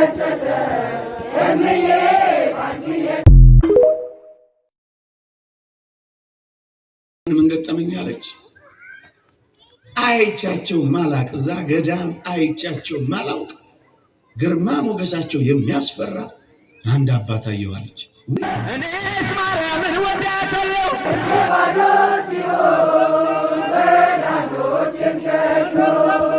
ፈሰሰ እምዬ ምን ገጠመኝ አለች። አይቻቸው ማላቅ እዛ ገዳም አይቻቸው ማላውቅ ግርማ ሞገሳቸው የሚያስፈራ አንድ አባት እኔስ ማርያምን ወዳታለሁ ባዶ ሲሆን በናቶች የምሸሸው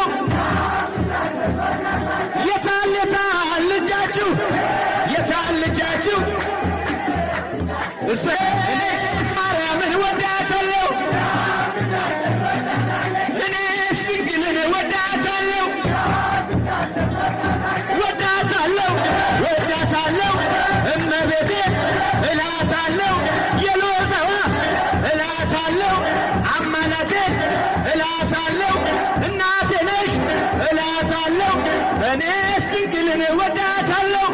እኔስ ድንግልን ወዳታለሁ።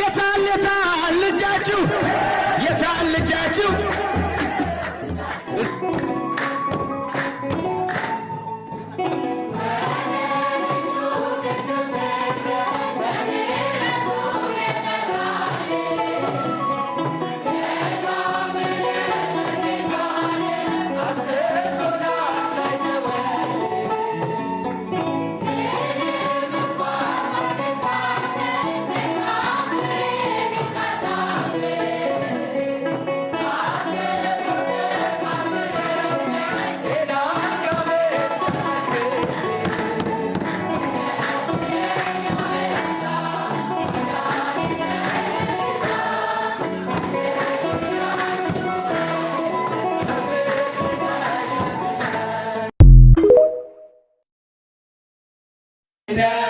የታል የታል ልጃችሁ Yeah.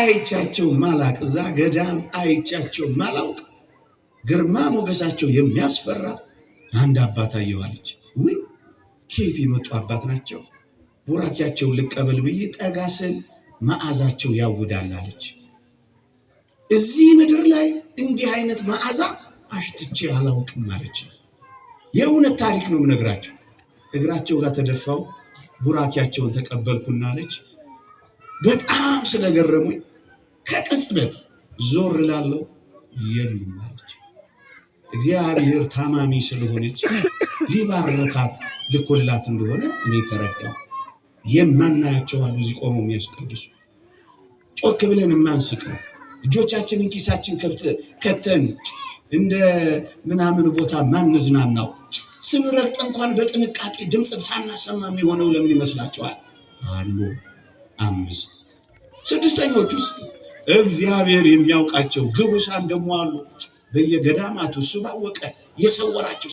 አይቻቸው ማላቅ እዛ ገዳም አይቻቸው ማላውቅ ግርማ ሞገሳቸው የሚያስፈራ አንድ አባት አየዋለች። ውይ ኬት የመጡ አባት ናቸው! ቡራኪያቸውን ልቀበል ብዬ ጠጋ ስል መዓዛቸው ያውዳል አለች። እዚህ ምድር ላይ እንዲህ አይነት መዓዛ አሽትቼ አላውቅም አለች። የእውነት ታሪክ ነው የምነግራቸው። እግራቸው ጋር ተደፋው፣ ቡራኪያቸውን ተቀበልኩና አለች በጣም ስለገረሙኝ ከቅጽበት ዞር ላለው የሉም አለች። እግዚአብሔር ታማሚ ስለሆነች ሊባረካት ልኮላት እንደሆነ እኔ ተረዳው። የማናያቸው አሉ እዚህ ቆመው የሚያስቀድሱ ጮክ ብለን የማንስቀው እጆቻችንን ኪሳችን ከተን እንደ ምናምን ቦታ ማንዝናናው ስንረግጥ እንኳን በጥንቃቄ ድምፅ ሳናሰማ የሚሆነው ለምን ይመስላቸዋል? አሉ አምስት ስድስተኞቹስ እግዚአብሔር የሚያውቃቸው ግቡሳን ደግሞ አሉ። በየገዳማቱ እሱ ባወቀ የሰወራቸው